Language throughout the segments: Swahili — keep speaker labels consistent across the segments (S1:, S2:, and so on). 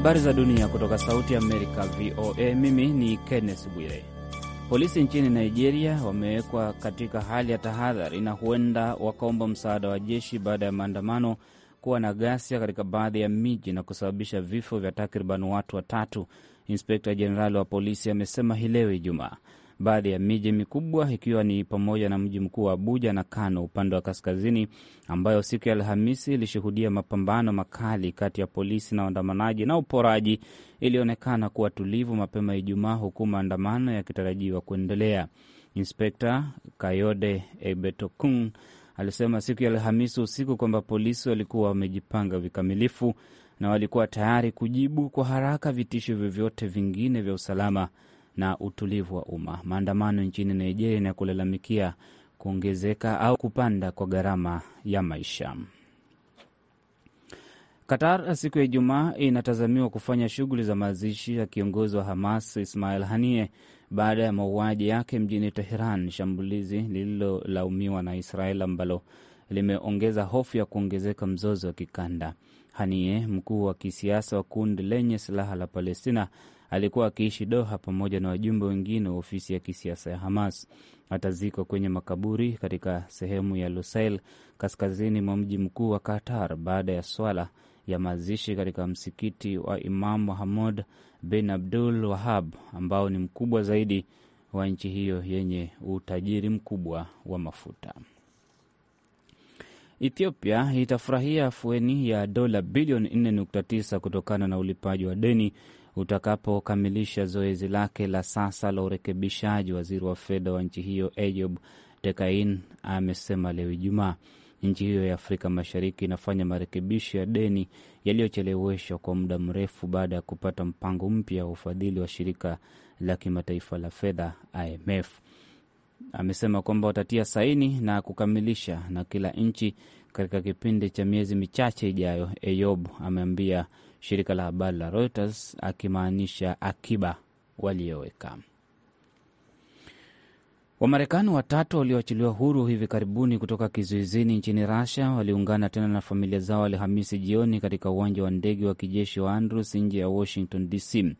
S1: Habari za dunia kutoka Sauti Amerika, VOA. Mimi ni Kenneth Bwire. Polisi nchini Nigeria wamewekwa katika hali ya tahadhari na huenda wakaomba msaada wa jeshi baada ya maandamano kuwa na ghasia katika baadhi ya miji na kusababisha vifo vya takriban watu watatu. Inspekta Jenerali wa polisi amesema hii leo Ijumaa baadhi ya miji mikubwa ikiwa ni pamoja na mji mkuu wa Abuja na Kano upande wa kaskazini, ambayo siku ya Alhamisi ilishuhudia mapambano makali kati ya polisi na waandamanaji na uporaji ilionekana kuwa tulivu mapema Ijumaa, huku maandamano yakitarajiwa kuendelea. Inspekta Kayode Ebetokun alisema siku ya Alhamisi usiku kwamba polisi walikuwa wamejipanga vikamilifu na walikuwa tayari kujibu kwa haraka vitisho vyovyote vingine vya usalama na utulivu wa umma. Maandamano nchini Nigeria na kulalamikia kuongezeka au kupanda kwa gharama ya maisha. Qatar siku ya Ijumaa inatazamiwa kufanya shughuli za mazishi ya kiongozi wa Hamas Ismail Haniyeh baada ya mauaji yake mjini Teheran, shambulizi lililolaumiwa na Israel ambalo limeongeza hofu ya kuongezeka mzozo wa kikanda. Haniyeh, mkuu wa kisiasa wa kundi lenye silaha la Palestina, alikuwa akiishi Doha pamoja na wajumbe wengine wa ofisi ya kisiasa ya Hamas. Atazikwa kwenye makaburi katika sehemu ya Lusail kaskazini mwa mji mkuu wa Qatar baada ya swala ya mazishi katika msikiti wa Imam Muhammad bin Abdul Wahab ambao ni mkubwa zaidi wa nchi hiyo yenye utajiri mkubwa wa mafuta. Ethiopia itafurahia afueni ya dola bilioni 4.9 kutokana na ulipaji wa deni utakapokamilisha zoezi lake la sasa la urekebishaji. Waziri wa fedha wa nchi hiyo Ejob Tekain amesema leo Ijumaa nchi hiyo ya Afrika Mashariki inafanya marekebisho ya deni yaliyocheleweshwa kwa muda mrefu baada ya kupata mpango mpya wa ufadhili wa shirika la kimataifa la fedha IMF. Amesema kwamba watatia saini na kukamilisha na kila nchi katika kipindi cha miezi michache ijayo. Eyob ameambia shirika la habari la Reuters, akimaanisha akiba walioweka. Wamarekani watatu walioachiliwa huru hivi karibuni kutoka kizuizini nchini Rasia waliungana tena na familia zao Alhamisi jioni katika uwanja wa ndege wa kijeshi wa Andrews nje ya Washington DC.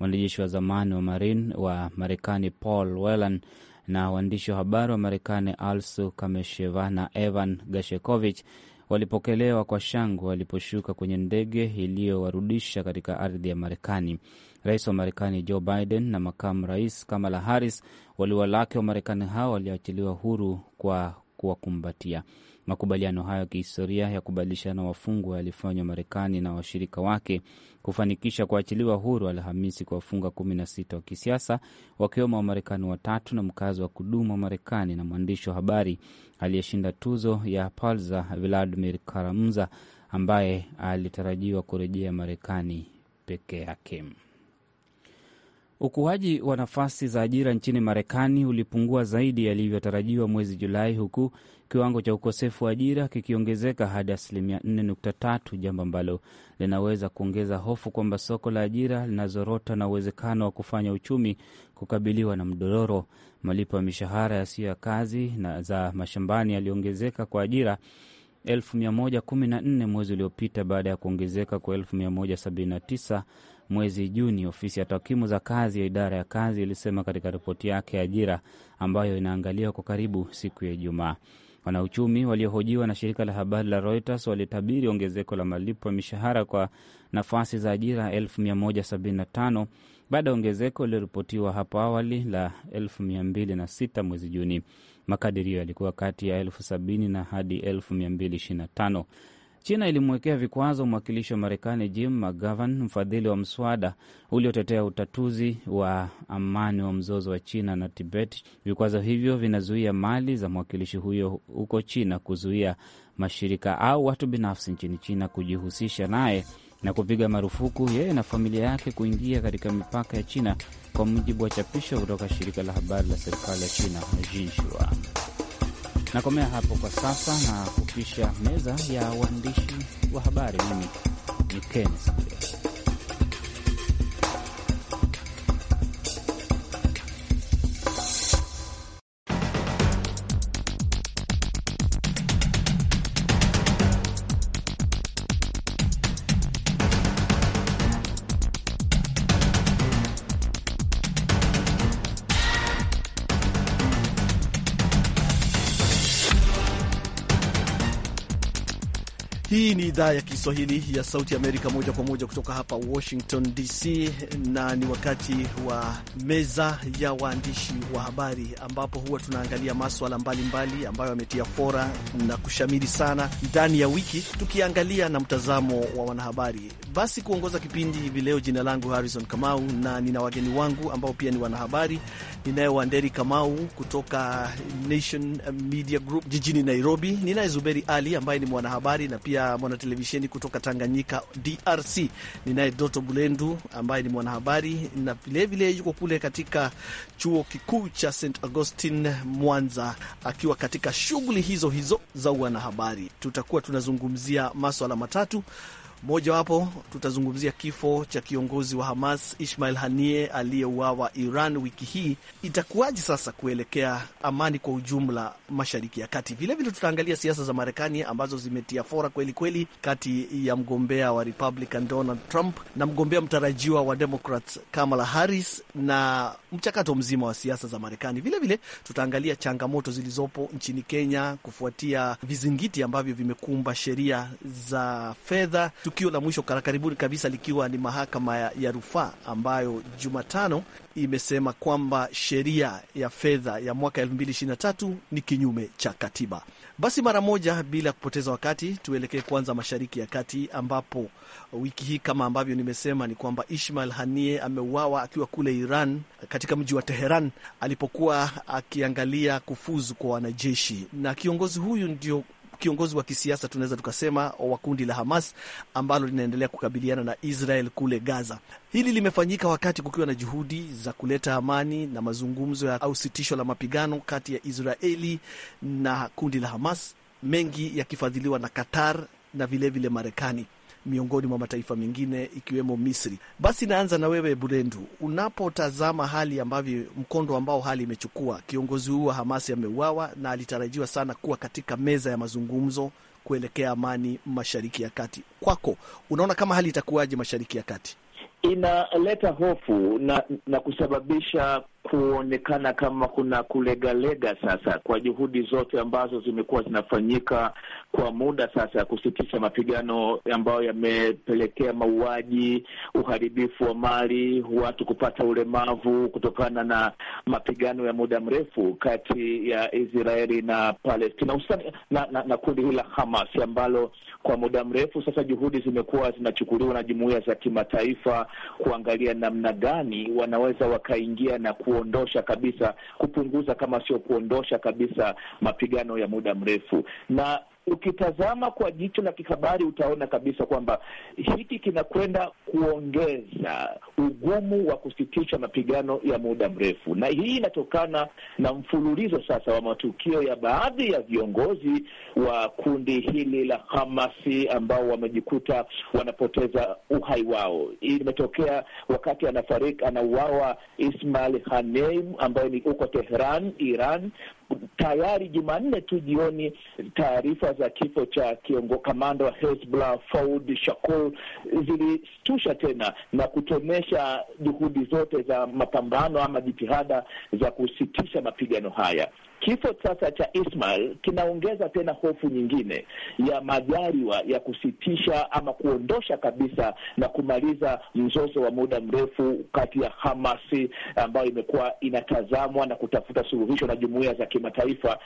S1: Mwanajeshi wa zamani wa Marine wa Marekani Paul Whelan na waandishi wa habari wa Marekani Alsu Kamesheva na Evan Gashekovich walipokelewa kwa shangwe waliposhuka kwenye ndege iliyowarudisha katika ardhi ya Marekani. Rais wa Marekani Joe Biden na makamu rais Kamala Harris waliwalake wa Marekani hao walioachiliwa huru kwa kuwakumbatia. Makubaliano hayo ya kihistoria ya kubadilishana wafungwa yalifanywa Marekani na washirika wake kufanikisha kuachiliwa huru Alhamisi kwa wafunga kumi na sita wa kisiasa wakiwemo Wamarekani watatu na mkazi wa kudumu wa Marekani na mwandishi wa habari aliyeshinda tuzo ya Pulitzer Vladimir Karamza ambaye alitarajiwa kurejea Marekani peke yake. Ukuaji wa nafasi za ajira nchini Marekani ulipungua zaidi yalivyotarajiwa mwezi Julai, huku kiwango cha ukosefu wa ajira kikiongezeka hadi asilimia 4.3, jambo ambalo linaweza kuongeza hofu kwamba soko la ajira linazorota na uwezekano wa kufanya uchumi kukabiliwa na mdororo. Malipo ya mishahara yasiyo ya kazi na za mashambani yaliongezeka kwa ajira 114 mwezi uliopita baada ya kuongezeka kwa 179 mwezi Juni, ofisi ya takwimu za kazi ya idara ya kazi ilisema katika ripoti yake ya ajira ambayo inaangaliwa kwa karibu siku ya Ijumaa. Wanauchumi waliohojiwa na shirika la habari la Reuters walitabiri ongezeko la malipo ya mishahara kwa nafasi za ajira 175 baada ya ongezeko lililoripotiwa hapo awali la 26 mwezi Juni. Makadirio yalikuwa kati ya 7 na hadi 225 China ilimwekea vikwazo mwakilishi wa Marekani Jim McGovern, mfadhili wa mswada uliotetea utatuzi wa amani wa mzozo wa China na Tibet. Vikwazo hivyo vinazuia mali za mwakilishi huyo huko China, kuzuia mashirika au watu binafsi nchini China kujihusisha naye na kupiga marufuku yeye na familia yake kuingia katika mipaka ya China, kwa mujibu wa chapisho kutoka shirika la habari la serikali ya China Xinhua. Nakomea hapo kwa sasa na kupisha meza ya waandishi wa habari. Mimi ni Ken
S2: idhaa ya Kiswahili ya Sauti Amerika, moja kwa moja kutoka hapa Washington DC, na ni wakati wa meza ya waandishi wa habari ambapo huwa tunaangalia maswala mbalimbali ambayo yametia fora na kushamiri sana ndani ya wiki, tukiangalia na mtazamo wa wanahabari. Basi kuongoza kipindi hivi leo, jina langu Harrison Kamau na nina wageni wangu ambao pia ni wanahabari. Ninaye Wanderi Kamau kutoka Nation Media Group jijini Nairobi, ninaye Zuberi Ali ambaye ni mwanahabari na pia mwana televisheni kutoka Tanganyika, DRC. Ninaye Doto Bulendu ambaye ni mwanahabari na vilevile yuko kule katika chuo kikuu cha St Augustine Mwanza, akiwa katika shughuli hizo hizo za wanahabari. Tutakuwa tunazungumzia maswala matatu Mojawapo tutazungumzia kifo cha kiongozi wa Hamas Ismail hanie aliyeuawa Iran wiki hii. Itakuwaje sasa kuelekea amani kwa ujumla mashariki ya kati? Vilevile tutaangalia siasa za Marekani ambazo zimetia fora kweli kweli, kati ya mgombea wa Republican Donald Trump na mgombea mtarajiwa wa Democrats Kamala Harris na mchakato mzima wa siasa za Marekani. Vilevile tutaangalia changamoto zilizopo nchini Kenya kufuatia vizingiti ambavyo vimekumba sheria za fedha tukio la mwisho karibuni kabisa likiwa ni mahakama ya, ya rufaa ambayo Jumatano imesema kwamba sheria ya fedha ya mwaka 2023 ni kinyume cha katiba. Basi mara moja bila kupoteza wakati tuelekee kwanza mashariki ya kati, ambapo wiki hii kama ambavyo nimesema ni kwamba Ismail hanie ameuawa akiwa kule Iran, katika mji wa Teheran alipokuwa akiangalia kufuzu kwa wanajeshi, na kiongozi huyu ndio kiongozi wa kisiasa tunaweza tukasema wa kundi la Hamas ambalo linaendelea kukabiliana na Israel kule Gaza. Hili limefanyika wakati kukiwa na juhudi za kuleta amani na mazungumzo au sitisho la mapigano kati ya Israeli na kundi la Hamas, mengi yakifadhiliwa na Qatar na vilevile Marekani miongoni mwa mataifa mengine ikiwemo Misri. Basi naanza na wewe Burendu, unapotazama hali ambavyo mkondo ambao hali imechukua, kiongozi huu wa Hamasi ameuawa na alitarajiwa sana kuwa katika meza ya mazungumzo kuelekea amani Mashariki ya Kati. Kwako unaona kama hali itakuwaje Mashariki ya Kati?
S3: Inaleta hofu na, na kusababisha kuonekana kama kuna kulegalega sasa kwa juhudi zote ambazo zimekuwa zinafanyika kwa muda sasa ya kusitisha mapigano ambayo yamepelekea mauaji, uharibifu wa mali, watu kupata ulemavu kutokana na mapigano ya muda mrefu kati ya Israeli na Palestina hususani na, na, na kundi hili la Hamas ambalo kwa muda mrefu sasa juhudi zimekuwa zinachukuliwa na jumuiya za kimataifa kuangalia namna gani wanaweza wakaingia na ku kuondosha kabisa, kupunguza kama sio kuondosha kabisa mapigano ya muda mrefu, na ukitazama kwa jicho la kihabari utaona kabisa kwamba hiki kinakwenda kuongeza ugumu wa kusitisha mapigano ya muda mrefu, na hii inatokana na mfululizo sasa wa matukio ya baadhi ya viongozi wa kundi hili la Hamasi ambao wamejikuta wanapoteza uhai wao. Hii imetokea wakati anafariki anauawa Ismail Hanei ambaye ni uko Tehran, Iran tayari Jumanne tu jioni taarifa za kifo cha kiongo kamanda wa Hezbollah Faud Shakul zilistusha tena na kutonyesha juhudi zote za mapambano ama jitihada za kusitisha mapigano haya. Kifo sasa cha Ismail kinaongeza tena hofu nyingine ya majariwa ya kusitisha ama kuondosha kabisa na kumaliza mzozo wa muda mrefu kati ya Hamasi ambayo imekuwa inatazamwa na kutafuta suluhisho na jumuiya za kimataifa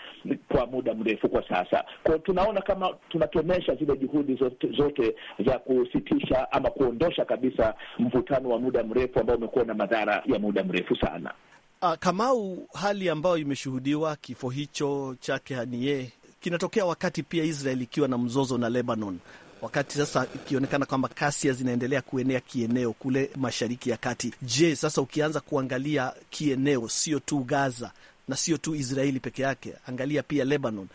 S3: kwa muda mrefu kwa sasa. Kwa tunaona kama tunatomesha zile juhudi zote, zote za kusitisha ama kuondosha kabisa mvutano wa muda mrefu ambao umekuwa na madhara ya muda mrefu sana.
S2: Uh, Kamau, hali ambayo imeshuhudiwa kifo hicho chake Hanie kinatokea wakati pia Israel ikiwa na mzozo na Lebanon, wakati sasa ikionekana kwamba kasia zinaendelea kuenea kieneo kule mashariki ya kati. Je, sasa ukianza kuangalia kieneo, sio tu Gaza na sio tu Israeli peke yake, angalia pia Lebanon,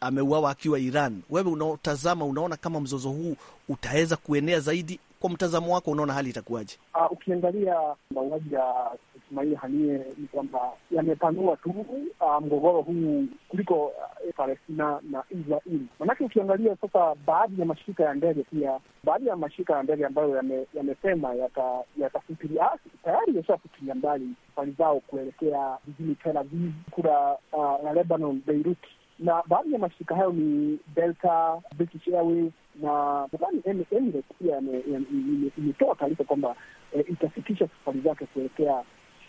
S2: ameuawa akiwa Iran. Wewe unaotazama, unaona kama mzozo huu utaweza kuenea zaidi? Kwa mtazamo wako, unaona hali itakuwaje?
S4: Uh, ukiangalia mauaji ya Ismail Hanie ni kwamba yamepanua tu ah, mgogoro huu kuliko ah, Palestina na Israel. Manake ukiangalia sasa, baadhi ya mashirika ya ndege pia, baadhi ya mashirika ya ndege ambayo yamesema yatafikiria ah, tayari yashafikiria mbali safari zao kuelekea jijini Tel Aviv, kura la Lebanon, Beirut na baadhi ya mashirika hayo ni Delta, British Airways na nadhani Emirates pia imetoa taarifa kwamba eh, itasitisha safari zake kuelekea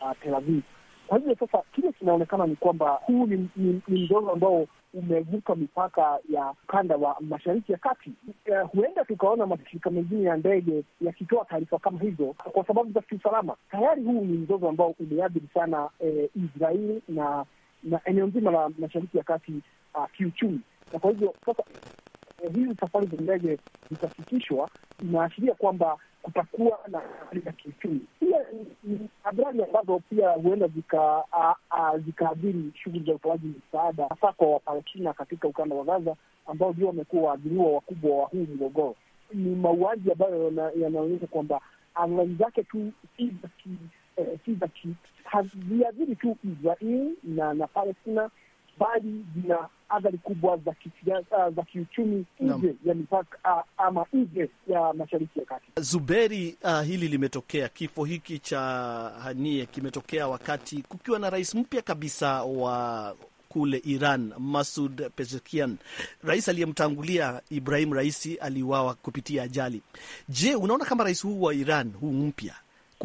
S4: uh, Tel Aviv. Kwa hivyo sasa kile kinaonekana ni kwamba huu ni, ni, ni mzozo ambao umevuka mipaka ya ukanda wa mashariki ya kati. Uh, huenda tukaona mashirika mengine ya ndege yakitoa taarifa kama hizo kwa sababu za kiusalama. Tayari huu ni mzozo ambao umeathiri sana eh, uh, Israeli na na eneo nzima la mashariki ya kati uh, kiuchumi, na kwa hivyo sasa eh, hizi safari za ndege zitasitishwa, inaashiria kwamba kutakuwa na hali za kiuchumi. Pia ni habari ambazo pia huenda zikaadhiri shughuli za utoaji misaada, hasa kwa Wapalestina katika ukanda wa Gaza ambao ndio wamekuwa waadhiriwa wakubwa wa huu mgogoro. Ni mauaji ambayo yanaonyesha kwamba athari zake tu si za eh, haziadhiri tu Israel na na Palestina bali zina athari kubwa za kisiasa, ah, za kiuchumi nje ya mipaka ah, ama nje ya Mashariki ya Kati.
S2: Zuberi, uh, hili limetokea, kifo hiki cha Hanie kimetokea wakati kukiwa na rais mpya kabisa wa kule Iran, Masud Pezeshkian. Rais aliyemtangulia Ibrahim Raisi aliuawa kupitia ajali. Je, unaona kama rais huu wa Iran huu mpya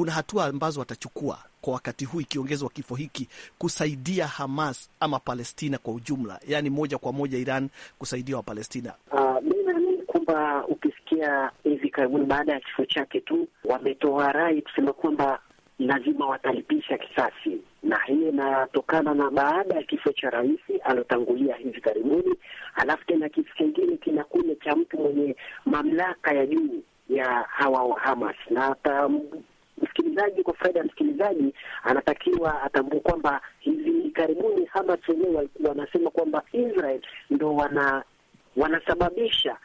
S2: kuna hatua ambazo watachukua kwa wakati huu ikiongezwa kifo hiki kusaidia Hamas ama Palestina kwa ujumla, yaani moja kwa moja Iran kusaidia Wapalestina?
S5: Uh, ah, naamini kwamba ukisikia hivi karibuni baada ya kifo chake tu wametoa rai kusema kwamba lazima watalipisha kisasi, na hiyo inatokana na baada ya kifo cha rais aliotangulia hivi karibuni, alafu tena kifo kingine kinakuja cha mtu mwenye mamlaka ya juu ya hawa wa Hamas na msikilizaji, kwa faida ya msikilizaji, anatakiwa atambue kwamba hivi karibuni Hamas wenyewe walikuwa wanasema kwamba Israel ndo wana wanasababisha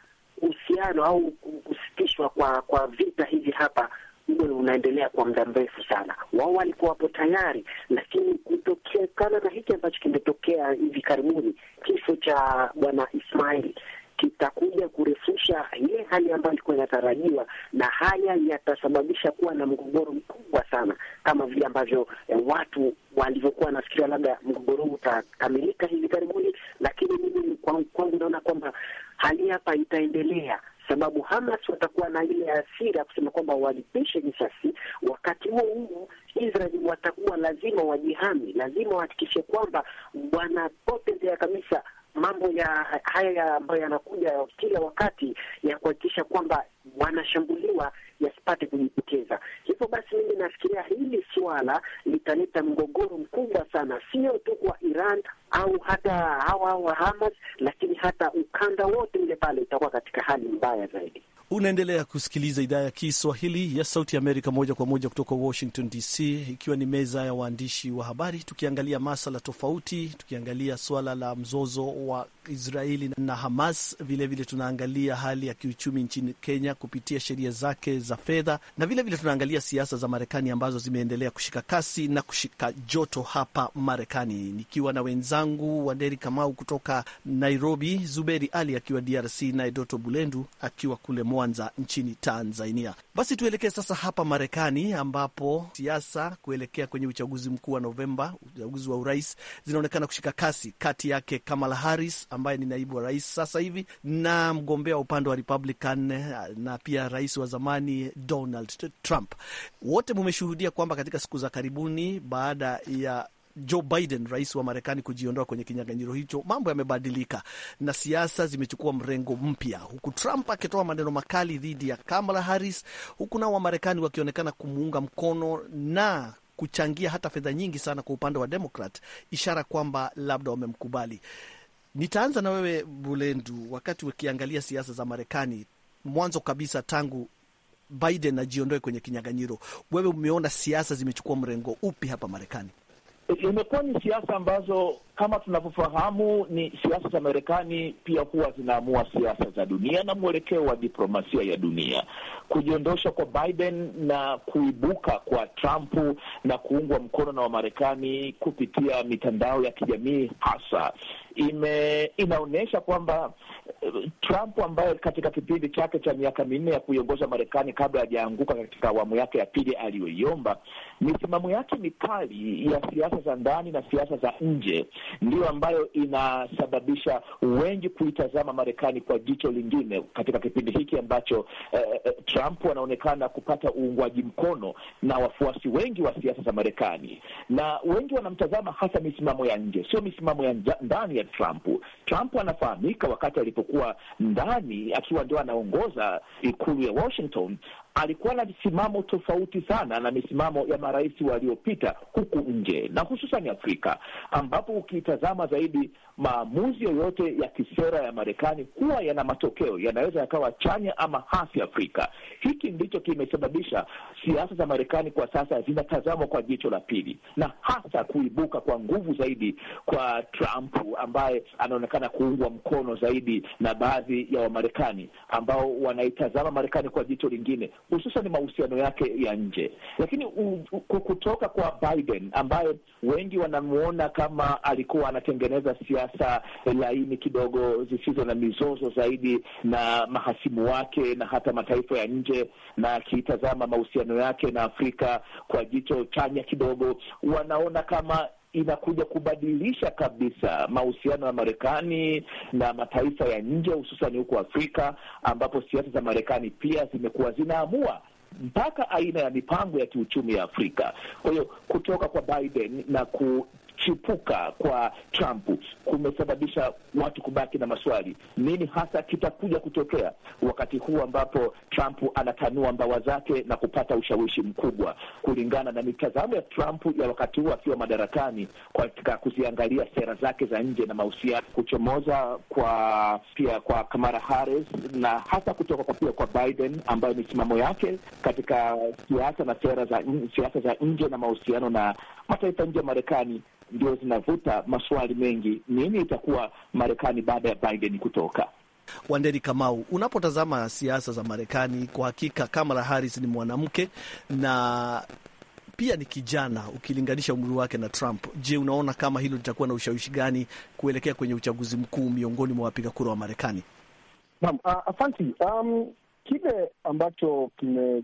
S5: uhusiano au kusitishwa kwa kwa vita hivi hapa huo unaendelea kwa muda mrefu sana. Wao walikuwa wapo tayari, lakini kutokekana na hiki ambacho kimetokea hivi karibuni, kifo cha bwana Ismaili, kitakuja kurefusha ile hali ambayo ilikuwa inatarajiwa, na haya yatasababisha kuwa na mgogoro mkubwa sana, kama vile ambavyo eh, watu walivyokuwa wanafikiria labda mgogoro huu utakamilika hivi karibuni, lakini mimi kwangu naona kwamba hali hapa itaendelea sababu Hamas watakuwa na ile hasira kusema kwamba walipishe kisasi. Wakati huo huo, Israel watakuwa lazima wajihami, lazima wahakikishe kwamba wanapotezea kabisa mambo ya haya ambayo yanakuja kila wakati ya kuhakikisha kwamba wanashambuliwa yasipate kujitokeza. Hivyo basi, mimi nafikiria hili suala litaleta mgogoro mkubwa sana, sio tu kwa Iran au hata hawa hawa Hamas, lakini hata ukanda wote ule pale utakuwa katika hali mbaya zaidi.
S2: Unaendelea kusikiliza idhaa ya Kiswahili ya Sauti ya Amerika moja kwa moja kutoka Washington DC, ikiwa ni meza ya waandishi wa habari, tukiangalia masala tofauti, tukiangalia swala la mzozo wa Israeli na Hamas. Vilevile vile tunaangalia hali ya kiuchumi nchini Kenya kupitia sheria zake za fedha, na vilevile vile tunaangalia siasa za Marekani ambazo zimeendelea kushika kasi na kushika joto hapa Marekani, nikiwa na wenzangu Wanderi Kamau kutoka Nairobi, Zuberi Ali akiwa DRC, naye Doto Bulendu akiwa kule Mwanza nchini Tanzania. Basi tuelekee sasa hapa Marekani, ambapo siasa kuelekea kwenye uchaguzi mkuu wa Novemba, uchaguzi wa urais, zinaonekana kushika kasi kati yake Kamala Harris ambaye ni naibu wa rais sasa hivi na mgombea wa upande wa Republican na pia rais wa zamani Donald Trump. Wote mumeshuhudia kwamba katika siku za karibuni baada ya Joe Biden, rais wa Marekani, kujiondoa kwenye kinyang'anyiro hicho, mambo yamebadilika na siasa zimechukua mrengo mpya, huku Trump akitoa maneno makali dhidi ya Kamala Harris, huku nao Wamarekani wakionekana kumuunga mkono na kuchangia hata fedha nyingi sana kwa upande wa Demokrat, ishara kwamba labda wamemkubali. Nitaanza na wewe Bulendu, wakati ukiangalia siasa za Marekani mwanzo kabisa tangu Biden ajiondoe kwenye kinyang'anyiro, wewe umeona siasa zimechukua mrengo upi hapa Marekani? Eh, imekuwa ni siasa ambazo kama tunavyofahamu ni
S3: siasa za Marekani pia huwa zinaamua siasa za dunia na mwelekeo wa diplomasia ya dunia. Kujiondosha kwa Biden na kuibuka kwa Trump na kuungwa mkono na Wamarekani kupitia mitandao ya kijamii hasa ime- inaonyesha kwamba eh, Trump ambaye katika kipindi chake cha miaka minne ya kuiongoza Marekani kabla hajaanguka katika awamu yake ya pili aliyoiomba, misimamo yake mikali ya siasa za ndani na siasa za nje ndiyo ambayo inasababisha wengi kuitazama Marekani kwa jicho lingine katika kipindi hiki ambacho eh, eh Trump anaonekana kupata uungwaji mkono na wafuasi wengi wa siasa za Marekani, na wengi wanamtazama hasa misimamo ya nje, sio misimamo ya ndani ya Trump. Trump anafahamika wakati alipokuwa ndani akiwa ndio anaongoza ikulu ya Washington alikuwa na misimamo tofauti sana na misimamo ya marais waliopita huku nje na hususan Afrika, ambapo ukiitazama zaidi maamuzi yoyote ya kisera ya Marekani huwa yana matokeo, yanaweza yakawa chanya ama hasi Afrika. Hiki ndicho kimesababisha siasa za Marekani kwa sasa zinatazamwa kwa jicho la pili, na hasa kuibuka kwa nguvu zaidi kwa Trump ambaye anaonekana kuungwa mkono zaidi na baadhi ya Wamarekani ambao wanaitazama Marekani kwa jicho lingine, hususan mahusiano yake ya nje. Lakini u, u, kutoka kwa Biden ambaye wengi wanamwona kama alikuwa anatengeneza siasa siasa laini kidogo zisizo na mizozo zaidi na mahasimu wake na hata mataifa ya nje, na akiitazama mahusiano yake na Afrika kwa jicho chanya kidogo, wanaona kama inakuja kubadilisha kabisa mahusiano ya Marekani na mataifa ya nje, hususani huko Afrika ambapo siasa za Marekani pia zimekuwa zinaamua mpaka aina ya mipango ya kiuchumi ya Afrika. Kwa hiyo kutoka kwa Biden na ku kuchipuka kwa Trump kumesababisha watu kubaki na maswali, nini hasa kitakuja kutokea wakati huu ambapo Trump anatanua mbawa zake na kupata ushawishi mkubwa, kulingana na mitazamo ya Trump ya wakati huu akiwa madarakani, katika kuziangalia sera zake za nje na mahusiano, kuchomoza kwa pia kwa Kamala Harris na hasa kutoka kwa pia kwa Biden, ambayo misimamo yake katika siasa na sera za siasa za nje na mahusiano na mataifa nje ya Marekani ndio zinavuta maswali mengi. Nini itakuwa Marekani baada ya Biden kutoka?
S2: Wanderi Kamau, unapotazama siasa za Marekani, kwa hakika Kamala Harris ni mwanamke na pia ni kijana ukilinganisha umri wake na Trump. Je, unaona kama hilo litakuwa na ushawishi gani kuelekea kwenye uchaguzi mkuu miongoni mwa wapiga kura wa Marekani? Naam,
S4: uh, asanti. Um, kile ambacho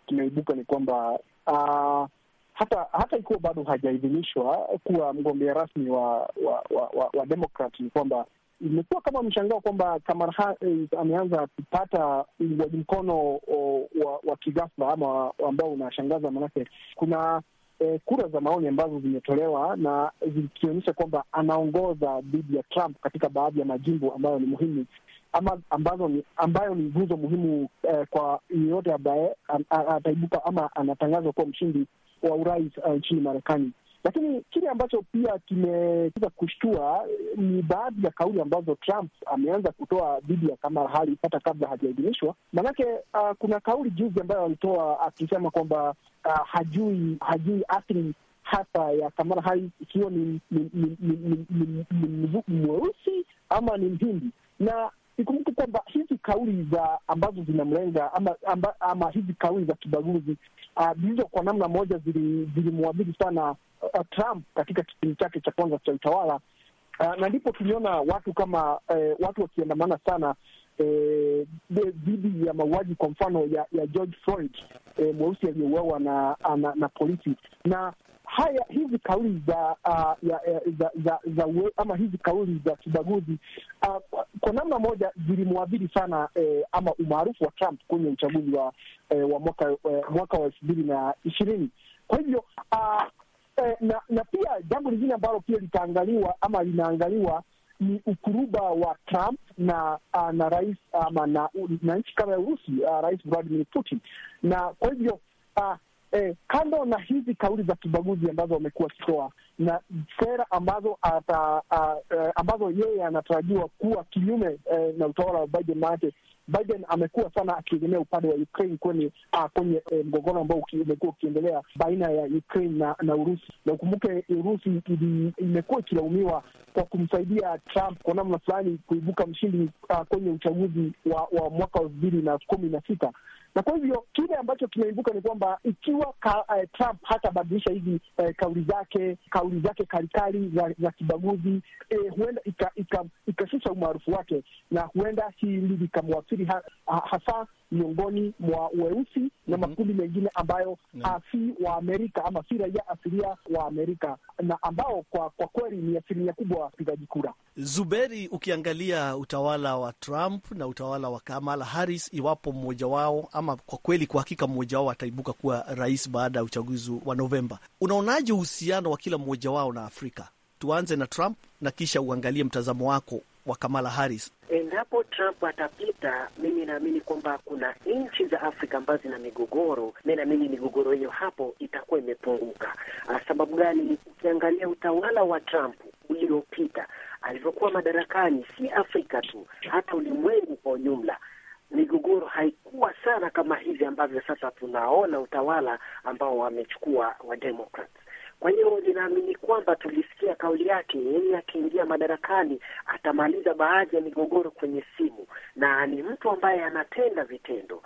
S4: kimeibuka ni kwamba uh, hata hata ikiwa bado hajaidhinishwa kuwa mgombea rasmi wa wa, wa, wa, wa Demokrat, ni kwamba imekuwa kama mshangao kwamba Kamala Harris ameanza kupata uungwaji mkono wa, wa kighafla ama ambao unashangaza, manake kuna eh, kura za maoni ambazo zimetolewa na zikionyesha kwamba anaongoza dhidi ya Trump katika baadhi ya majimbo ambayo ni muhimu ama ambazo ni ambayo ni nguzo muhimu eh, kwa yeyote ambaye ataibuka ama anatangazwa kuwa mshindi wa urais uh, nchini Marekani. Lakini kile ambacho pia kimeweza kushtua eh, ni baadhi ya kauli ambazo Trump ameanza kutoa dhidi ya Kamala Harris hata kabla hajaidhinishwa. Maanake uh, kuna kauli juzi ambayo alitoa akisema kwamba uh, hajui hajui athiri hasa ya Kamala Harris ikiwa ni mweusi ama ni mhindi na Nikumbuke kwamba hizi kauli za ambazo zinamlenga ama, ama, ama hizi kauli za kibaguzi ah, zilizo uh, kwa namna moja zilimwadhiri zili sana uh, Trump katika kipindi chake cha kwanza cha utawala uh, na ndipo tuliona watu kama eh, watu wakiandamana sana eh, dhidi eh, ya mauaji kwa mfano ya, ya George Floyd eh, mweusi aliyeuawa na, na, na polisi na haya hizi kauli za uh, ya, ya, za, za, za we, ama hizi kauli za kibaguzi uh, kwa, namna moja zilimwadhiri sana eh, ama umaarufu wa Trump kwenye uchaguzi wa eh, wa mwaka eh, mwaka wa elfu mbili na ishirini. Kwa hivyo uh, eh, na, na pia jambo lingine ambalo pia litaangaliwa ama linaangaliwa ni ukuruba wa Trump na uh, na rais ama na, na nchi kama ya Urusi uh, Rais Vladimir Putin, na kwa hivyo uh, eh, kando na hizi kauli za kibaguzi ambazo wamekuwa wakitoa na sera ambazo ata, a, a, e, ambazo yeye anatarajiwa kuwa kinyume eh, na utawala wa Biden. Maanake Biden amekuwa sana akiegemea upande wa Ukraine kwenye a, kwenye e, mgogoro ambao umekuwa ukiendelea baina ya Ukraine na, na Urusi, na ukumbuke Urusi imekuwa ikilaumiwa kwa kumsaidia Trump kwa namna fulani kuibuka mshindi a, kwenye uchaguzi wa, wa mwaka wa elfu mbili na kumi na sita na kwa hivyo kile ambacho kimeibuka ni kwamba ikiwa ka, uh, Trump hatabadilisha hizi uh, kauli zake kauli zake kalikali za, za kibaguzi eh, huenda ikashusha ika, ika umaarufu wake na huenda hii ligi ha, ha, hasa miongoni mwa weusi mm -hmm. na mhm. makundi mengine ambayo mm -hmm. si wa Amerika ama si raia asilia wa Amerika na ambao kwa, kwa kweli ni asilimia kubwa wapigaji kura.
S2: Zuberi, ukiangalia utawala wa Trump na utawala wa Kamala Harris, iwapo mmoja wao ama kwa kweli kwa hakika mmoja wao ataibuka kuwa rais baada ya uchaguzi wa Novemba, unaonaje uhusiano wa kila mmoja wao na Afrika? Tuanze na Trump na kisha uangalie mtazamo wako wa Kamala Harris.
S5: Endapo Trump atapita, mimi naamini kwamba kuna nchi za Afrika ambazo zina migogoro. Mi naamini migogoro hiyo hapo itakuwa imepunguka. Ah, sababu gani? Ukiangalia utawala wa Trump uliopita, alivyokuwa madarakani, si Afrika tu, hata ulimwengu kwa ujumla migogoro haikuwa sana kama hivi ambavyo sasa tunaona utawala ambao wamechukua wa Democrats. Kwa hiyo ninaamini kwamba tulisikia kauli yake, yeye akiingia madarakani atamaliza baadhi ya migogoro kwenye simu, na ni mtu ambaye anatenda vitendo.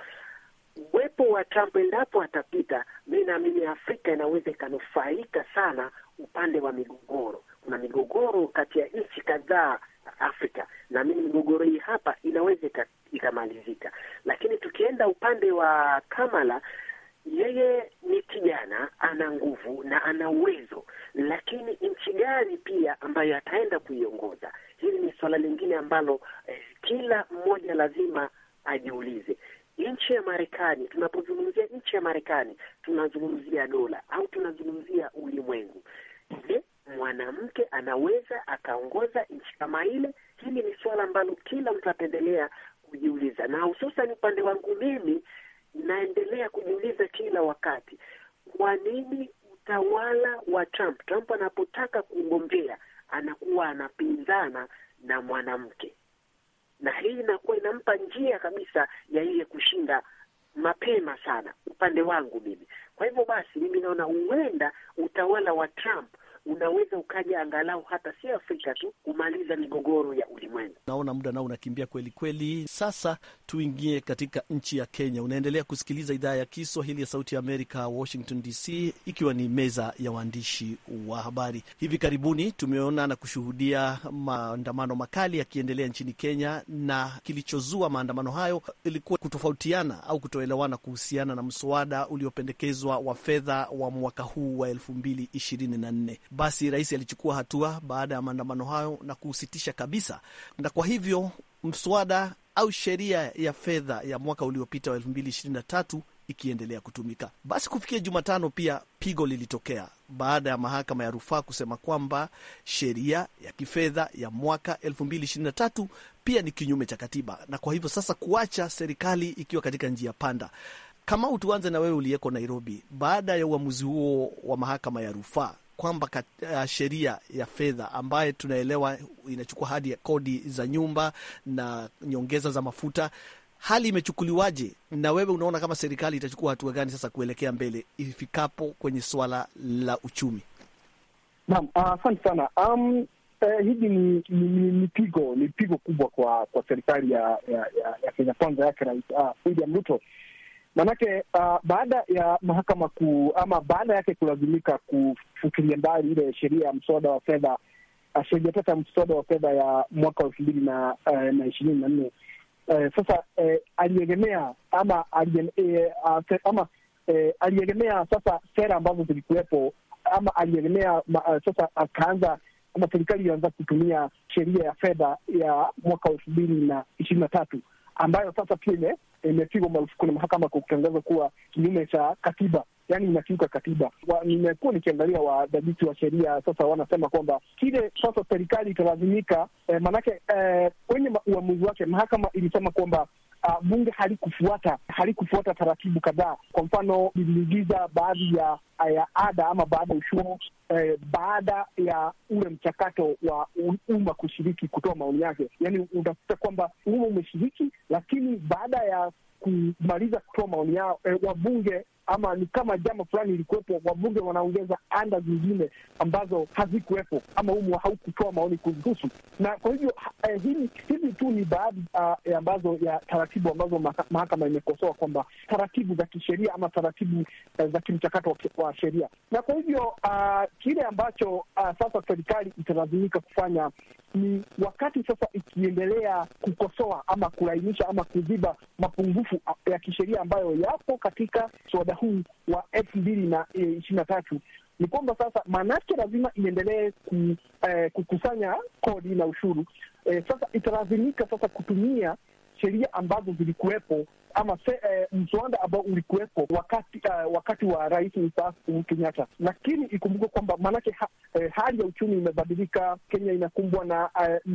S5: Uwepo wa Trump endapo atapita, mi naamini Afrika inaweza ikanufaika sana upande wa migogoro. Kuna migogoro kati ya nchi kadhaa Afrika, naamini migogoro hii hapa inaweza ikamalizika, lakini tukienda upande wa Kamala yeye ni kijana, ana nguvu na ana uwezo, lakini nchi gani pia ambayo ataenda kuiongoza? Hili ni suala lingine ambalo eh, kila mmoja lazima ajiulize. Nchi ya Marekani, tunapozungumzia nchi ya Marekani tunazungumzia dola au tunazungumzia ulimwengu. Je, mwanamke anaweza akaongoza nchi kama ile? Hili ni suala ambalo kila mtu atendelea kujiuliza, na hususan upande wangu mimi naendelea kujiuliza kila wakati, kwa nini utawala wa Trump, Trump anapotaka kugombea anakuwa anapinzana na mwanamke, na hii inakuwa inampa njia kabisa ya yeye kushinda mapema sana, upande wangu mimi. Kwa hivyo basi, mimi naona huenda utawala wa Trump unaweza ukaja angalau hata si Afrika tu kumaliza migogoro ya ulimwengu.
S2: Naona muda nao unakimbia kweli kweli. Sasa tuingie katika nchi ya Kenya. Unaendelea kusikiliza idhaa ya Kiswahili ya Sauti ya Amerika, Washington DC, ikiwa ni meza ya waandishi wa habari. Hivi karibuni tumeona na kushuhudia maandamano makali yakiendelea nchini Kenya, na kilichozua maandamano hayo ilikuwa kutofautiana au kutoelewana kuhusiana na mswada uliopendekezwa wa fedha wa mwaka huu wa elfu mbili ishirini na nne basi rais alichukua hatua baada ya maandamano hayo na kuusitisha kabisa, na kwa hivyo mswada au sheria ya fedha ya mwaka uliopita wa 2023 ikiendelea kutumika. Basi kufikia Jumatano pia pigo lilitokea baada ya mahakama ya rufaa kusema kwamba sheria ya kifedha ya mwaka 2023 pia ni kinyume cha katiba, na kwa hivyo sasa kuacha serikali ikiwa katika njia panda. Kama utuanze na wewe uliyeko Nairobi, baada ya uamuzi huo wa mahakama ya rufaa, kwamba uh, sheria ya fedha ambaye tunaelewa inachukua hadi ya kodi za nyumba na nyongeza za mafuta hali imechukuliwaje? Na wewe unaona kama serikali itachukua hatua gani sasa kuelekea mbele ifikapo kwenye swala la uchumi? Naam, ah, asante uh, sana
S4: um, uh, eh, hivi ni, ni, ni, ni pigo ni pigo kubwa kwa kwa serikali ya ya, ya, ya Kenya kwanza yake Rais ah, William Ruto Manake uh, baada ya mahakama kuu ama baada yake kulazimika kufukilia mbali ile sheria ya mswada wa fedha uh, sheria tata ya mswada wa fedha ya mwaka wa elfu mbili na eh, ishirini na nne eh, sasa uh, aliegemea ama aliegemea, uh, ah, ama aliegemea sasa sera ambazo zilikuwepo ama aliegemea uh, sasa akaanza ama serikali ilianza kutumia sheria ya fedha ya mwaka wa elfu mbili na ishirini na tatu ambayo sasa pia imepigwa marufuku na mahakama kwa kutangaza kuwa kinyume cha katiba, yaani inakiuka katiba. Nimekuwa nikiangalia wadhabiti wa, wa sheria sasa wanasema kwamba kile sasa serikali italazimika eh, maanake eh, kwenye uamuzi wake mahakama ilisema kwamba uh, bunge halikufuata halikufuata taratibu kadhaa. Kwa mfano, liliingiza baadhi ya ya ada ama baada ya ushuru eh, baada ya ule mchakato wa umma kushiriki kutoa maoni yake. Yaani utakuta kwamba umma umeshiriki, lakini baada ya kumaliza kutoa maoni yao e, wabunge ama ni kama jambo fulani ilikuwepo, wabunge wanaongeza anda zingine ambazo hazikuwepo ama umu haukutoa maoni kuzihusu. Na kwa hivyo eh, hivi, hivi tu ni baadhi uh, ambazo ya taratibu ambazo mahakama imekosoa kwamba taratibu za kisheria ama taratibu eh, za kimchakato wa sheria. Na kwa hivyo uh, kile ambacho uh, sasa serikali italazimika kufanya ni wakati sasa ikiendelea kukosoa ama kulainisha ama kuziba mapungufu ya kisheria ambayo yapo katika mswada huu wa elfu mbili na ishirini na tatu ni kwamba sasa maanaake lazima iendelee eh, kukusanya kodi na ushuru. Eh, sasa italazimika sasa kutumia sheria ambazo zilikuwepo ama eh, mswada ambao ulikuwepo wakati uh, wakati wa rais mstaafu Uhuru Kenyatta. Lakini ikumbuke kwamba maanake ha, eh, hali ya uchumi imebadilika. Kenya inakumbwa na uh,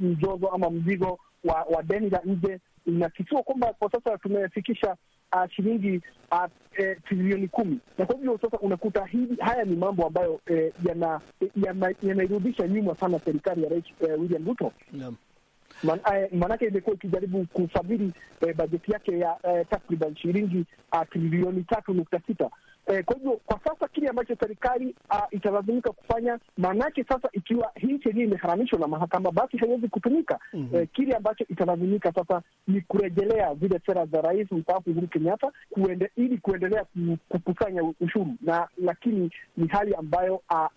S4: mzozo ama mzigo wa, wa deni la nje. Inakisiwa kwamba kwa sasa tumefikisha uh, shilingi uh, eh, trilioni kumi, na kwa hivyo sasa unakuta hii, haya ni mambo ambayo eh, yanairudisha yana, yana nyuma sana serikali ya rais eh, William Ruto maanake eh, imekuwa ikijaribu kufadhili eh, bajeti yake ya eh, takriban shilingi ah, trilioni tatu nukta sita E, kwa hivyo kwa sasa kile ambacho serikali ah, italazimika kufanya, maanake sasa ikiwa hii sheria imeharamishwa na mahakama, basi haiwezi kutumika. mm -hmm. E, kile ambacho italazimika sasa ni kurejelea zile sera za rais mstaafu Uhuru Kenyatta kuende, ili kuendelea kukusanya ushuru na, lakini ni hali ambayo ah,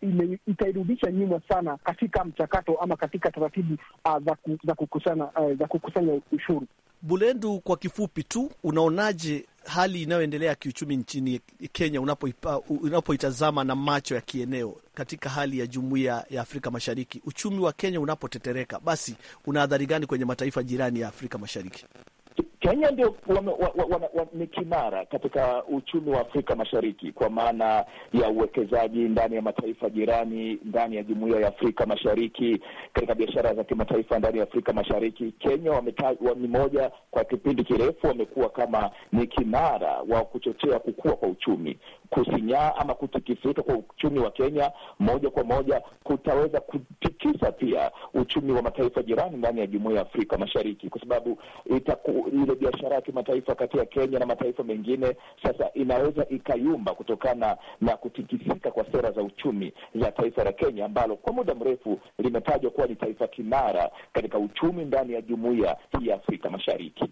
S4: itairudisha nyuma sana katika mchakato ama katika taratibu ah, eh,
S2: za kukusanya ushuru. Bulendu, kwa kifupi tu, unaonaje hali inayoendelea ya kiuchumi nchini Kenya unapoitazama na macho ya kieneo katika hali ya jumuiya ya Afrika Mashariki? Uchumi wa Kenya unapotetereka, basi una adhari gani kwenye mataifa jirani ya Afrika Mashariki? Kenya ndio ni kinara
S3: katika uchumi wa Afrika Mashariki kwa maana ya uwekezaji ndani ya mataifa jirani, ndani ya jumuiya ya Afrika Mashariki, katika biashara za kimataifa ndani ya Afrika Mashariki. Kenya ni moja, kwa kipindi kirefu wamekuwa kama ni kinara wa kuchochea kukua kwa uchumi kusinyaa ama kutikisika kwa uchumi wa Kenya moja kwa moja kutaweza kutikisa pia uchumi wa mataifa jirani ndani ya jumuiya ya Afrika Mashariki, kwa sababu ile biashara ya kimataifa kati ya Kenya na mataifa mengine sasa inaweza ikayumba kutokana na kutikisika kwa sera za uchumi za taifa la Kenya ambalo kwa muda mrefu limetajwa kuwa ni taifa kinara katika uchumi ndani ya jumuiya hii ya Afrika Mashariki.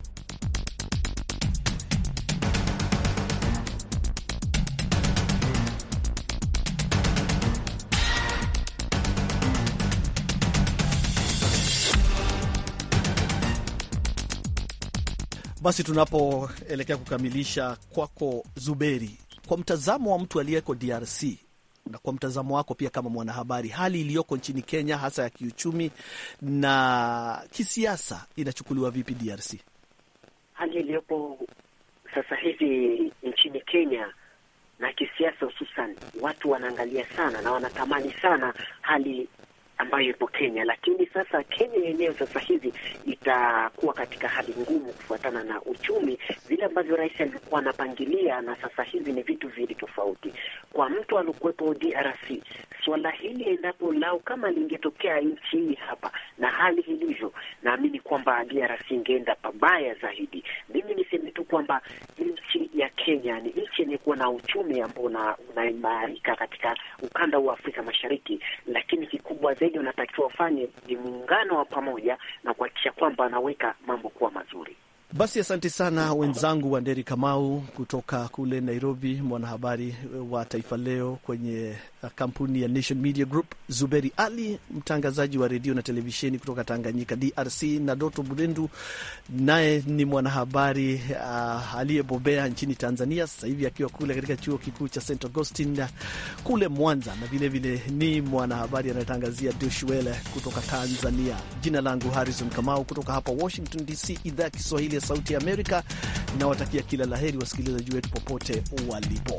S2: Basi tunapoelekea kukamilisha, kwako Zuberi, kwa mtazamo wa mtu aliyeko DRC na kwa mtazamo wako pia kama mwanahabari, hali iliyoko nchini Kenya hasa ya kiuchumi na kisiasa inachukuliwa vipi DRC?
S5: Hali iliyopo sasa hivi nchini Kenya na kisiasa hususan, watu wanaangalia sana na wanatamani sana hali ambayo ipo Kenya, lakini sasa Kenya yenyewe sasa hivi itakuwa katika hali ngumu kufuatana na uchumi, vile ambavyo rais alikuwa anapangilia na sasa hivi ni vitu vili tofauti. Kwa mtu alikuwepo DRC, swala hili endapo lao kama lingetokea nchi hii hapa na hali ilivyo, naamini kwamba DRC ingeenda pabaya zaidi. Mimi niseme tu kwamba nchi ya Kenya ni nchi yenye kuwa na uchumi ambao unaimarika katika ukanda wa Afrika Mashariki, lakini kikubwa zaidi unatakiwa ufanye ni muungano wa pamoja na kuhakikisha kwamba anaweka mambo kuwa mazuri.
S2: Basi asante sana wenzangu Wanderi Kamau kutoka kule Nairobi, mwanahabari wa Taifa Leo kwenye kampuni ya Nation Media Group, Zuberi Ali mtangazaji wa redio na televisheni kutoka Tanganyika DRC, na Doto Burendu naye ni mwanahabari uh, aliyebobea nchini Tanzania, sasa hivi akiwa kule katika chuo kikuu cha St Augustine kule Mwanza, na vilevile ni mwanahabari anayetangazia Dushuele kutoka Tanzania. Jina langu Harrison Kamau kutoka hapa Washington DC, idhaa ya Kiswahili Sauti ya Amerika. Nawatakia kila laheri wasikilizaji wetu popote walipo.